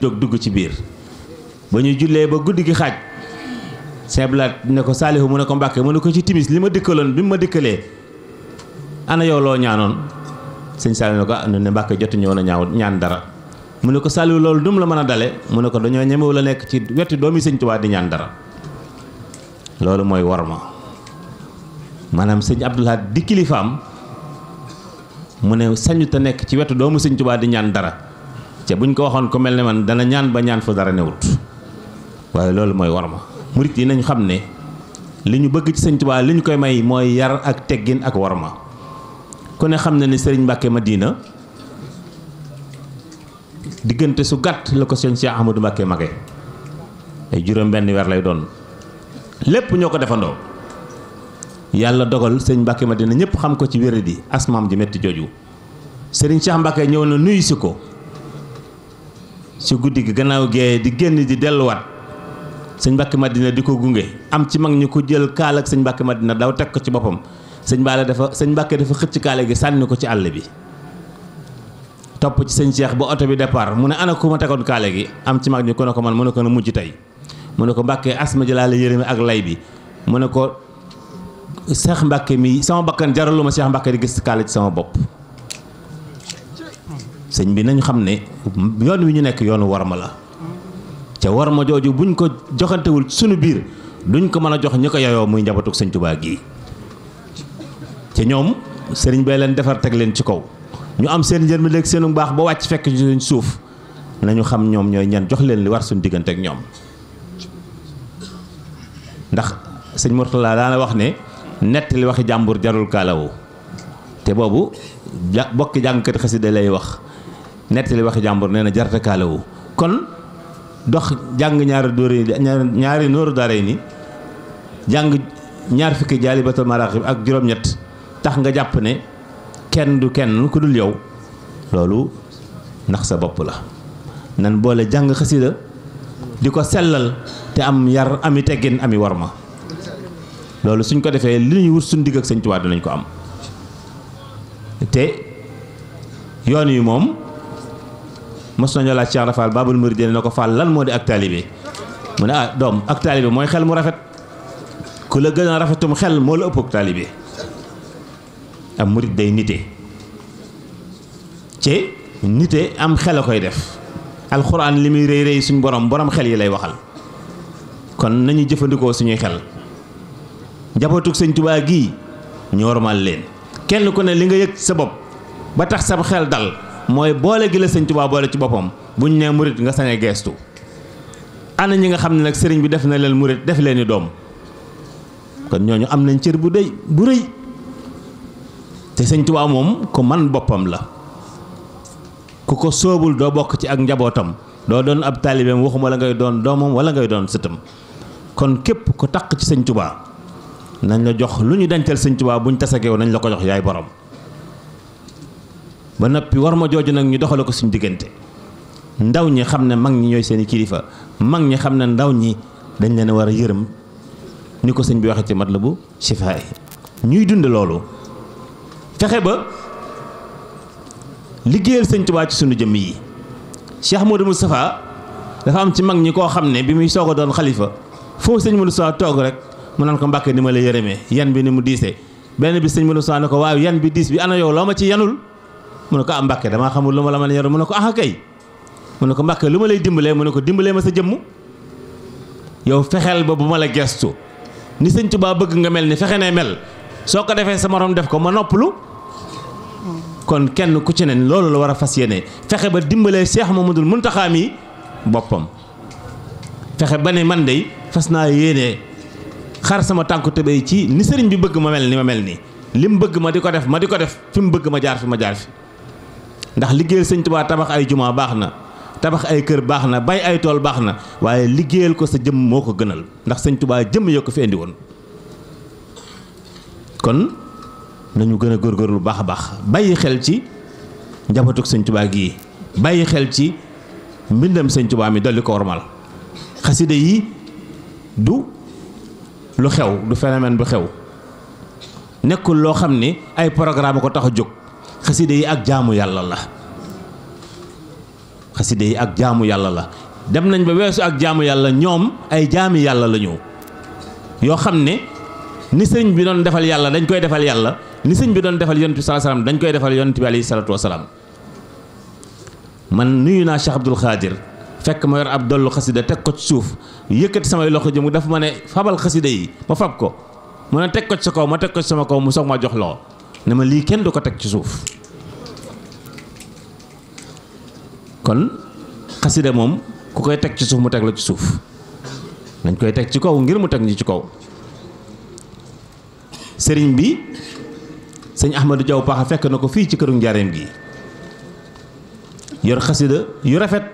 jóg dugg ci biir ba ñu jullee ba guddi gi xaaj seblaat ne ko saalihu mu ne ko mbàkke mu ne ko ci timis li ma dikkaloon bi ma dikkalee ana yow loo ñaanoon sëñ saalihu ne ko ah ne mbàkke jotuñu woon a ñaaw ñaan dara mu ne ko saalihu loolu dum la mën a dale mu ne ko dañoo ñemewu la nekk ci wetu doomi sëñ Tuubaa di ñaan dara loolu mooy war maanaam sëñ Abdul Ahad di mu ne sañu nekk ci wetu doomu sëñ di ñaan dara ca buñ ko waxoon ko mel ni man dana ñaan ba ñaan fa dara newut waaye loolu mooy war ma murit yi nañ xam ne li ñu bëgg ci sëñ Tuubaa li ñu koy may mooy yar ak teggin ak war ma ku ne xam na ni sëriñ Mbàkke Madina diggante su gàtt la ko sëñ Cheikh Ahmadou Mbàkke ay juróom weer lay doon lépp ñoo ko defandoo yàlla dogal sëñ Mbàkke Madina ñëpp xam ko ci wéradi asmaam ji métti jooju sëriñ Cheikh Mbàkke ñëw na nuyu ko ci guddi gi gannaaw gee di génn di delluwaat sëñ Mbàkke maddina di ko gunge am ci mag ñi ko jël kaal ak sëñ Mbàkke Madina daw teg ko ci boppam sëñ Baale dafa sëñ Mbàkke dafa xëcc kaale gi sànni ko ci àll bi topp ci sëñ Cheikh ba oto bi départ mu ne ana ku ma tegoon kaale gi am ci mag ñi ko ne ko man mu ne ko na mujj tey mu ne ko Mbàkke asma jëlaale yére mi ak lay bi mu ne ko Cheikh Mbàkke mi sama bakkan jaraluma Cheikh Mbàkke di gis kaale ci sama bopp sëñ bi nañu xam ne yoon wi ñu nekk yoonu warma la ca warma jooju buñ ko joxantewul sunu biir duñ ko mën a jox ñi ko yayoo muy njabootug sëñ Tuubaa gi ca ñoom sëriñ bay leen defar teg leen ci kaw ñu am seen njërmi léeg seenu baax ba wàcc fekk ci suuf nañu xam ñoom ñooy ñan jox leen li war suñu diggante ak ñoom ndax sëñ Murtala daana wax ne nett li waxi jàmbur jarul kaalawu te boobu ja bokki jàngkat xasida lay wax nettali waxi jàmbur nee na jarta kaalawu kon dox jàng ñaari dóore ñaari nóoru daaray ni jàng ñaar fukki jaalibatul maraaxib ak juróom-ñett tax nga jàpp ne kenn du kenn ku dul yow loolu ndax sa bopp la nan boole jàng xasida di ko sellal te am yar ami teggin ami ma loolu suñ ko defee li ñuy wut suñ digg ak Sëñ Tuubaa dinañ ko am te yoon yi moom mos nañoo laaj Cheikh Rafal Babul Muridiin na ko Fall lan moo di ak taalibe mu ne ah doom ak taalibe mooy xel mu rafet ku la gën a rafetum xel moo la ëpp ak taalibe am murid day nite ci nite am xel a koy def alxuraan li muy rëy rëy suñ borom borom xel yi lay waxal kon nañu jëfandikoo suñuy xel njabootug sëñ Tuubaa gii ñormal leen kenn ku ne li nga yëg sa bopp ba tax sam xel dal mooy boole gi la sëñ Tuubaa boole ci boppam bu buñ nee murit nga sañee geestu ana ñi nga xam ne nag sëriñ bi def na leen murit def leen i doom kon ñooñu am nañ cër bu déy bu rëy te sëñ Tuubaa moom ku man boppam la ku ko soobul doo bokk ci ak njabootam doo doon ab taalibeem waxuma la ngay doon doomam wala ngay doon sëtam kon képp ku taq ci sëñ Tuubaa nañ la jox lu ñu dencal sëñ bu buñ tasageew nañ la ko jox yaay borom ba noppi war ma jooju nag ñu doxale ko suñu diggante ndaw ñi xam ne mag ñi ñooy seeni kilifa mag ñi xam ne ndaw ñi dañ leen war a yërëm ñu ko sëñ bi waxee ci la matlabu shifaa ñuy dund loolu fexe ba liggéeyal sëñ Tubaa ci sunu jëmm yi Cheikh Modou Moustapha dafa am ci mag ñi koo xam ne bi muy soog a doon xalifa foo sëñ Modou Moustapha toog rek mu naan ko mbàkke ni ma la yërëmee yan bi ni mu diisee benn bi sëñ Modou Moustapha ne ko waaw yan bi diis bi ana yow loo ma ci yanul mu ne ko ah Mbàkke damaa xamul lu ma la mën a yor mu ne ko ah kay mu ne ko Mbàkke lu ma lay dimbalee mu ne ko dimbalee ma sa jëmm yow fexeel ba bu ma la gestu ni sëñ tubaa bëgg nga mel ni fexe ne mel soo ko defee sa morom def ko ma noppalu kon kenn ku ci ne loolu la war a fas yéene fexe ba dimbalee Seex Mamadul Muntaxaa mi boppam fexe ba ne man de fas naa yéene xar sama tànku tëbéy ci ni sëriñ bi bëgg ma mel ni ma mel nii lim bëgg ma ko def ma di ko def fi mu bëgg ma jaar fi ma jaar fi ndax liggéeyal sëñ Tuubaa tabax ay jumaa baax na tabax ay kër baax na bay ay tool baax na waaye liggéeyal ko sa jëm moo ko gënal ndax sëñ Tuubaa jëm yoo ko fi woon kon nañu gën a góorgóorlu baax a baax bàyyi xel ci njabootug sëñ Tuubaa gii bàyyi xel ci mbindam sëñ Tuubaa mi dolli kormal xaside yi du lu xew du phénomène bu xew nekkul loo xam ni ay programme ko tax a jóg xasida yi ak jaamu yàlla la xasida yi ak jaamu yàlla la dem nañ ba weesu ak jaamu yàlla ñoom ay jaami yàlla la ñu yoo xam ne ni sëñ bi doon defal yàlla dañ koy defal yàlla ni sëñ bi doon defal yonent bi sallallahu alayhi dañ koy defal yonent bi alayhi salatu wasalaam man nuyu naa Cheikh Abdoul Khadir fekk ma yor ab dollu xasida teg ko ci suuf yëkkati samay loxo jëm dafa ma ne fabal xasida yi ma fab ko mu ne teg ko sa kaw ma teg ko sama kaw mu soog ma jox loxo ne ma lii kenn du ko teg ci suuf kon xasida moom ku koy teg ci suuf mu teg la ci suuf dañ koy teg ci kaw ngir mu teg ñi ci kaw sëriñ bi sëñ Ahmadou Diaw Pakha fekk na ko fii ci këru njaareem gi yor xasida yu rafet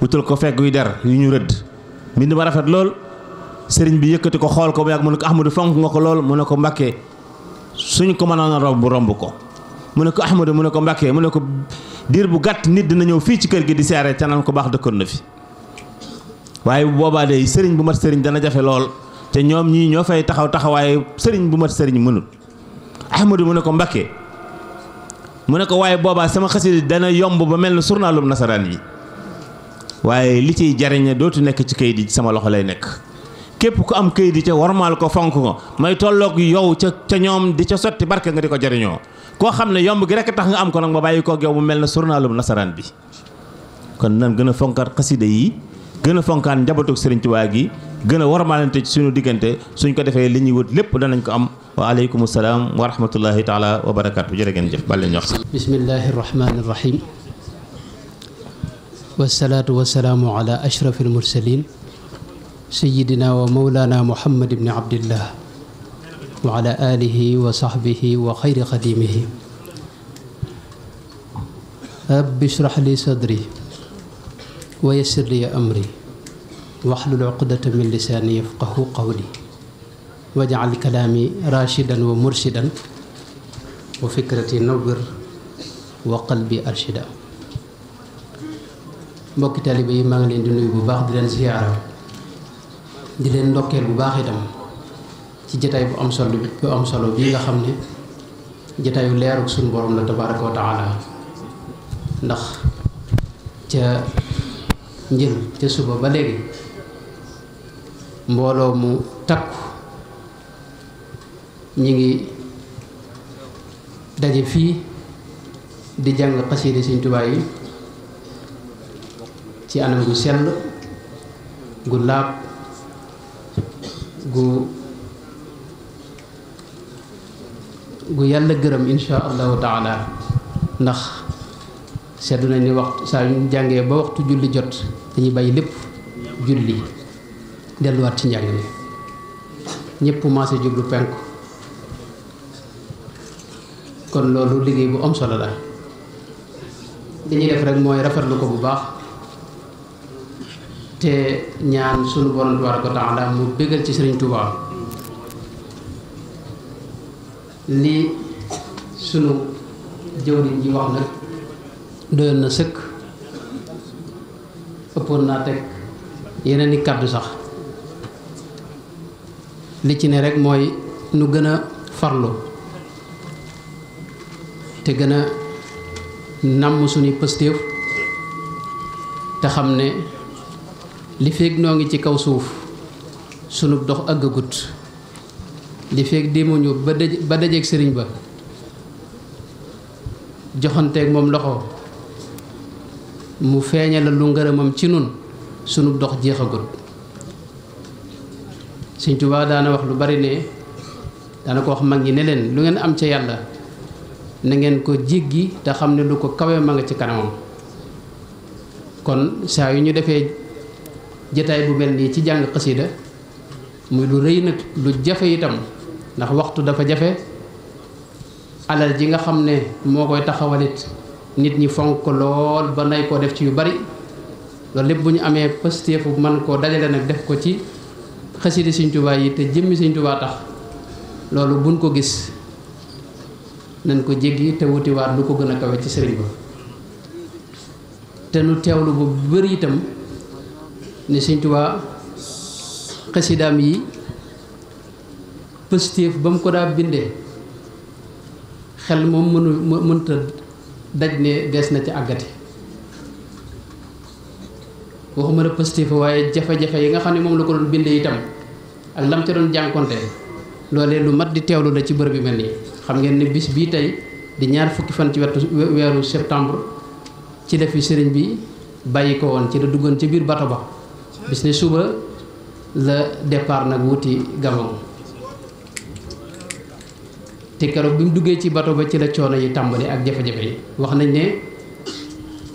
wutal ko fekk yuy der yu ñu rëdd mbind ma rafet lool sëriñ bi yëkkati ko xool ko mu yàgg mu ne ko Ahmadou fonk nga ko lool mu ne ko Mbàkke suñ ko mënoon a romb romb ko mu ne ko Ahmadu mu ne ko Mbàkke mu ne ko diir bu gàtt nit dina ñëw fii ci kër gi di seere te naan ko baax dëkkoon na fi waaye bu boobaa de sëriñ bu mat sëriñ dana jafe lool te ñoom ñii ñoo fay taxaw taxawaaye sëriñ bu mat sëriñ mënul Ahmadu mu ne ko Mbàkke mu ne ko waaye boobaa sama xasida dana yomb ba mel ne surnaalum nasaraan yi waaye li ciy jariñe dootu nekk ci kayit yi sama loxo lay nekk képp ku am këyit di ca warmaal ko fonk nga may tolloog yow ca ca ñoom di ca sotti barke nga di ko jariñoo koo xam ne yomb gi rekk tax nga am ko nag ma bàyyi koog yow mu mel ne surnaalum nasaraan bi kon nan gën a fonkaat xasida yi gën a fonkaat njabootug Sëriñ Tuubaa gi gën a warmaalante ci suñu diggante suñ ko defee li ñuy wut lépp danañ ko am wa aleykum salaam wa rahmatullahi taala wa barakaatu jërë ngeen jëf bàlleen wax bismillahi rahmaani rahim wasalaatu wasalaamu sayidina wa mawlana muhammad ibni abdillah wa ala alihi wa sahbihi wa xayri xadimihi rabbi shrah li sadri wa yassir li amri waxlul uqdata min lisaani yafqahu qawli wajcal kalaami rashidan wa murshidan wa fikrati nawwir wa qalbi arshida mbokki taalibe yi maa ngi leen di nuyu bu baax di leen ziyaara di leen ndokkeel bu baax itam ci jataay bu am solo bu solo bii nga xam ne jataayu leeruk suñ boroom la tabaraka wa taala ndax ca njël ca suba ba léegi mbooloo mu takku ñu ngi daje fii di jàng xasiida Sëñ Tuubaa yi ci anam gu sell gu laab gu gu yàlla gërëm insha allahu taala ndax seddu nañ ni waxtu saa yu ba waxtu julli jot dañuy bay lépp julli delluwaat ci njàng mi ñëpp maase jublu penku kon loolu liggéey bu am solo la li def rek mooy rafetlu ko bu baax te ñaan sunu borom tabaaraka wa taala mu bëggal ci sëriñ Touba li sunu jëwriñ ji wax nag doyoon na sëkk ëppoon naa teg yeneen i kàddu sax li ci ne rek mooy nu gën a farlu te gën a namm sunuy pëstéef te xam ne li feeg noo ngi ci kaw suuf sunu dox àggagut di feeg demuñu ba daj ba dajeek sëriñ ba joxanteek moom loxo mu feeña la lu ngërëmam ci nun sunu dox jeexagut sëñ Tuubaa daana wax lu bari ne dana ko wax mag ñi ne leen lu ngeen am ca yàlla na ngeen ko jéggi te xam ne lu ko kawe ma nga ci kanamam kon saa yu ñu defee jataay bu mel nii ci jàng xasida muy lu rëy nag lu jafe itam ndax waxtu dafa jafe alal ji nga xam ne moo koy taxawalit nit ñi fonk lool ba nay koo def ci yu bari loolu lépp bu ñu amee pësteefu man koo dajale nag def ko ci xasida Sëñ Tuubaa yi te jëmmi Sëñ Tuubaa tax loolu buñ ko gis nañ ko jéggi te wutiwaat lu ko gën a kawe ci sëriñ ba te nu teewlu bu bari itam ne sëñ Tuubaa xasidaam yi positif ba mu ko daa bindee xel moom mënul mënta daj ne des na ci àggati waxuma ne positif waaye jafe-jafe yi nga xam ne moom la ko doon bindee itam ak lam ca doon jànkonte loolee lu mat di teewlu la ci bërëb bi mel nii xam ngeen ne bis bii tey di ñaar fukki fan ci wetu weeru septembre ci def fi sëriñ bi bàyyi ko woon ci la duggoon ci biir bato ba bis ne suba la départ nag wuti Gabon te keroog bi mu duggee ci bato ba ci la coono yi tàmbali ak jafe-jafe yi wax nañ ne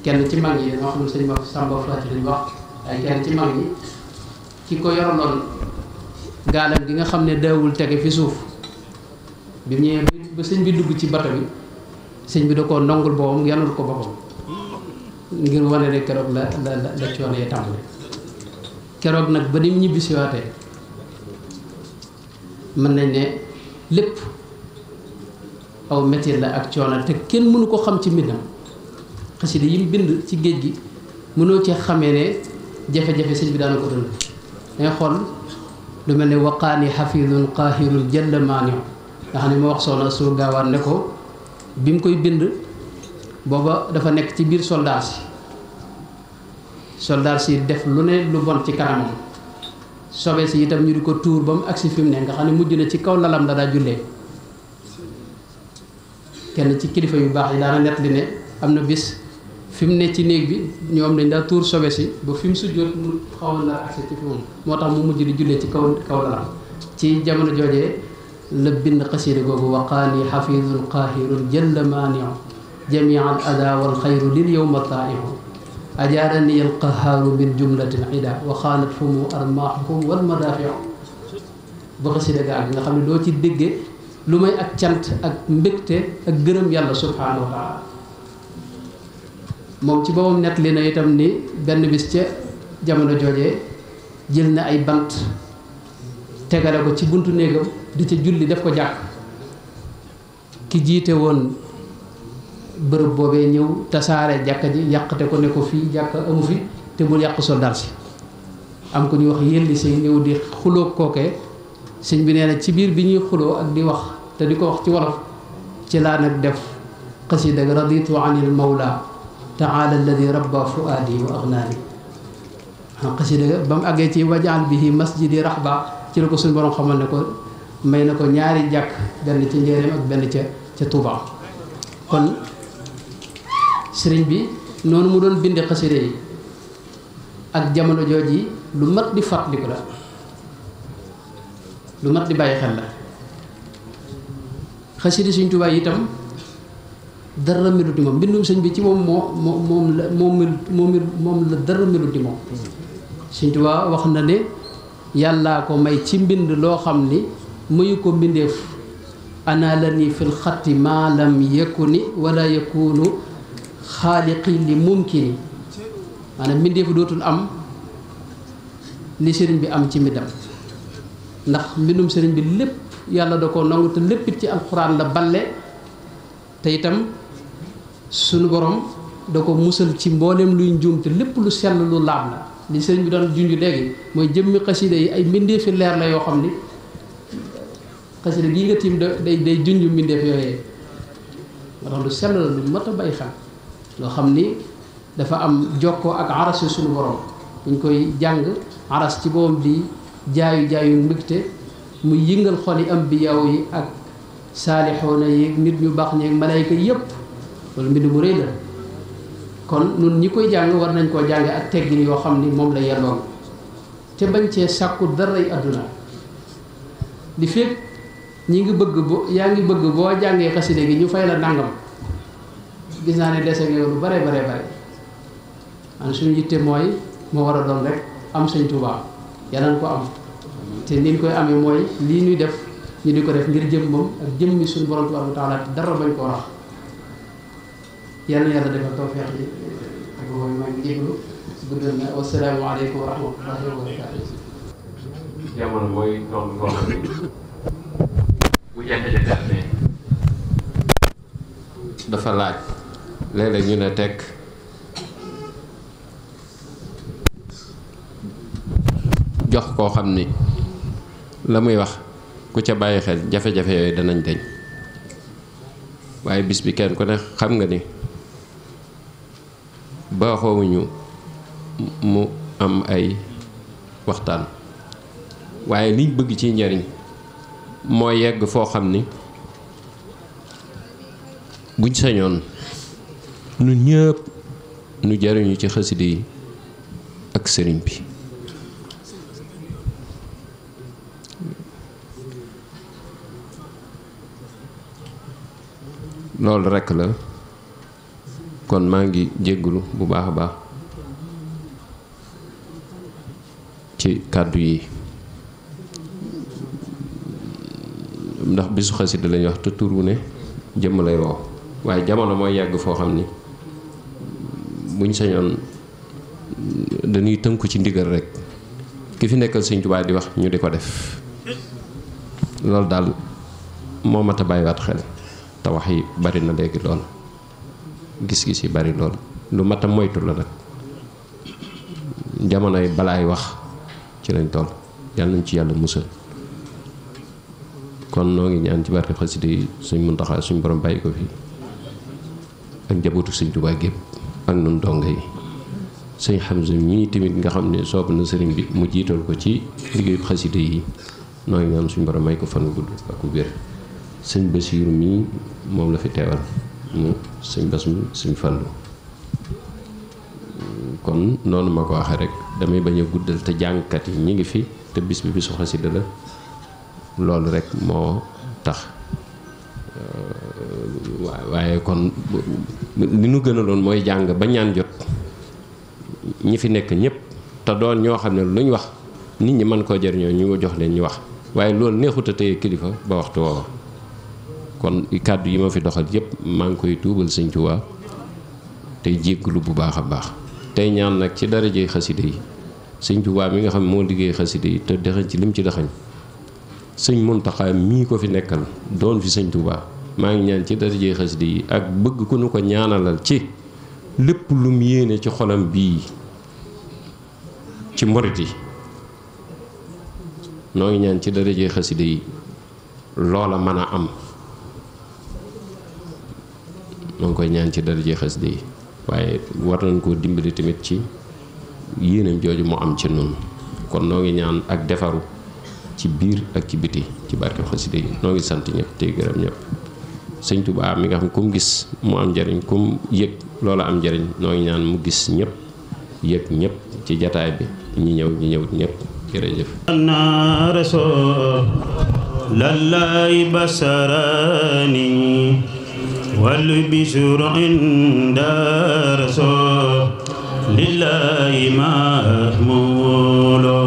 kenn ci mag yi dañoo xam ne sëñ Ba ci ko yoraloon gaalam gi nga xam ne daawul tege fi suuf bi mu ñëwee ba sëñ bi dugg ci bato bi sëñ bi da koo nongul boppam yanul ko boppam ngir wane ne keroog la la la coono yi tàmbali. keroog nag ba ni mu ñibbisiwaatee mën nañ ne lépp aw métier la ak coono te kenn mënu ko xam ci mbindam xasida yi mu bind ci géej gi mënoo ci xamee ne jafe-jafe sëñ bi daana dund dangay xool lu mel ne waqaani xafidun qaahirun jëll maani nga ne moo wax soxna soo gaawaan ne ko bi mu koy bind booba dafa nekk ci biir soldat si soldaar si def lu ne lu bon ci kanamam sobe si itam ñu di ko tuur ba mu agsi fi mu ne nga xam ne mujj na ci kaw lalam la daa jullee kenn ci kilifa yu baax yi daana nett li ne am na bis fi mu ne ci néeg bi ñoom dañ daa tuur sobe si ba fi mu sujjóot mu xawoon na agsi ci fi moo tax mu mujj di jullee ci kaw kaw lalam ci jamono joojee la bind xasida googu waqaani xafiidun qaahirun jëll maaniu jamia al ada wal xayru lil yowma أجارني القهار من جملة العدا وخانت فم أرماحكم والمدافع ba xasida ga ak nga xam ne doo ci dégge lu may ak cant ak mbégte ak gërëm yàlla subhaanahu wa moom ci boppam nett li na itam ni benn bis ca jamono joojee jël na ay bant tegale ko ci buntu néegam di ca julli def ko jàkk ki jiite woon bërëb boobee ñëw tasaare jàkka ji yàqte ko ne ko fii jàkka amu fi te bul yàq soldaar si am ko ñuy wax yëlli say ñëw di xuloo kookee sëñ bi nee na ci biir bi ñuy xuloo ak di wax te di ko wax ci wolof ci laa nag def xasida ak raditu anil mawla taala alladi rabba fuaadi wa agnaani xasida ba mu àggee ci wajaal bihi masjidi raxba ci la ko suñu borom xamal ne ko may na ko ñaari jàkk benn ci njéeréem ak benn ca ca Touba sëriñ bi noonu mu doon binde xasida yi ak jamono jooj yi lu mat di fàttaliku la lu mat di bàyyi xel la xasida Sëriñ Tuubaa itam dara melut moom mbindum sëñ bi ci moom moo moom la moom moom la dara melut moom Sëriñ Tuubaa wax na ne yàllaa ko may ci mbind loo xam ni mayu ko mbindeef ana la ni fil xatti maalam yakuni wala yakunu xaaliqin li mumkini maanaam mbindeefu dootul am li sëriñ bi am ci mbindam ndax mbindum sëriñ bi lépp yàlla da koo nangu te léppit ci alxuraan la balle te itam sunu borom da ko musal ci mbooleem luy njuum te lépp lu sell lu laab la li sëriñ bi doon junj léegi mooy jëmmi xasida yi ay mbindeefi leer la yoo xam ni xasida gii nga tiim day day junj mbindeef yooyee ma tax lu sell la lu mat a bay xam loo xam ni dafa am jokkoo ak aras suñu borom buñ koy jàng aras ci boobam di jaayu jaayu mbégte mu yëngal xoli ambiyaw yi ak saalixoona yéeg nit ñu baax ñeeg malayka yépp loolu mbind mu rëy la kon nun ñi koy jàng war nañ koo jànge ak teggin yoo xam ni moom la yelloon te bañ cee sàkku daray àdduna li fekk ñi ngi bëgg bo yaa ngi bëgg boo jàngee xaside gi ñu fay la nangam gis naa ne dese nga lu bare bare bare man suñu yitte mooy moo war a doon rek am sëñ Tuubaa yàlla na ko am te niñ koy amee mooy lii ñuy def ñu di ko def ngir jëm moom ak jëm mi suñu borom tabaaraka wa taala dara bañ koo rax yàlla yàlla defal tawfeex yi ak mooy maa ngi jéglu guddal na wasalaamu aleykum wa rahmatullahi wa barakaatu jamono mooy toll koo xam ne bu jafe-jafe amee dafa laaj léeg ñu ne tekk jox koo xam ni la muy wax ku ca bàyyi xel jafe-jafe yooyu danañ deñ waaye bis bi kenn ku ne xam nga ni baaxoowuñu mu am ay waxtaan waaye liñ bëgg ci njariñ moo yegg foo xam ni buñ ñoon ñun ñëpp nu jariñu ci xasida yi ak sëriñ bi loolu rekk la kon maa ngi jéggulu bu baax a baax ci kàddu yi ndax bisu xasida lañuy wax te tur wu ne jëmm lay woo waaye jamono mooy yàgg foo xam ni buñ sañoon dañuy tënku ci ndigal rek ki fi nekkal Sëñ Tuubaa di wax ñu di ko def loolu daal moo mat a bàyyiwaat xel te wax yi bari na léegi lool gis-gis yi bari lool lu mat a moytu la nag jamonoy balaay wax ci lañ toll yàlla nañ ci yàlla musal kon noo ngi ñaan ci barke xasida yi suñ Muntaxa suñ borom bàyyi ko fi ak njabootu Sëñ Tuubaa gépp ak nun donga yi sëñ Hamza mii tamit nga xam ne soob na sëriñ bi mu jiital ko ci liggéeyu xasida yi noo ngi ñaan suñu borom may ko fan gudd ak ku wér sëñ Basiiru mii moom la fi teewal mu suñ Bas mi sëñ Fallu kon noonu ma ko waxee rek damay bañ a guddal te jàngkat yi ñu ngi fi te bis bi bisu xasida la loolu rek moo tax yooyu kon li nu gënaloon mooy jàng ba ñaan jot ñi fi nekk ñëpp te doon ñoo xam ne luñ wax nit ñi mën koo jariñoo ñu jox leen ñu wax waaye loolu neexut a téye kilifa ba waxtu woowa kon kàddu yi ma fi doxal yëpp maa ngi koy tuubal sëñ Tuubaa tey jégglu bu baax a baax tey ñaan nag ci darajey xaside yi sëñ Tuubaa mi nga xam moo liggéey xaside yi te dexañ ci lim ci dexañ sëñ Muntaxaa mii ko fi nekkal doon fi sëñ Tuubaa maa ngi ñaan ci darajee xasida yi ak bëgg ku nu ko ñaanalal ci lépp lum yéene ci xolam bii ci mborit yi noo ngi ñaan ci darajee xasida yi loola mën a am noo ngi koy ñaan ci darajee xasida yi waaye war nañ ko dimbali tamit ci yéenam jooju mu am ci noonu kon noo ngi ñaan ak defaru ci biir ak ci biti ci barkeb xasida yi noo ngi sant ñëpp tey gërëm ñëpp sëñ Touba mi nga xam ku mu gis mu am njariñ ku mu yëg loola am njariñ noo ñaan mu gis ñëpp yëg ñëpp ci jataay bi ñu ñëw ñi ñëwut ñëpp jërëjëf anna rasul lallay basarani wal bisur inda rasul lillahi mahmulo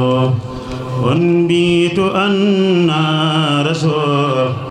unbitu anna rasul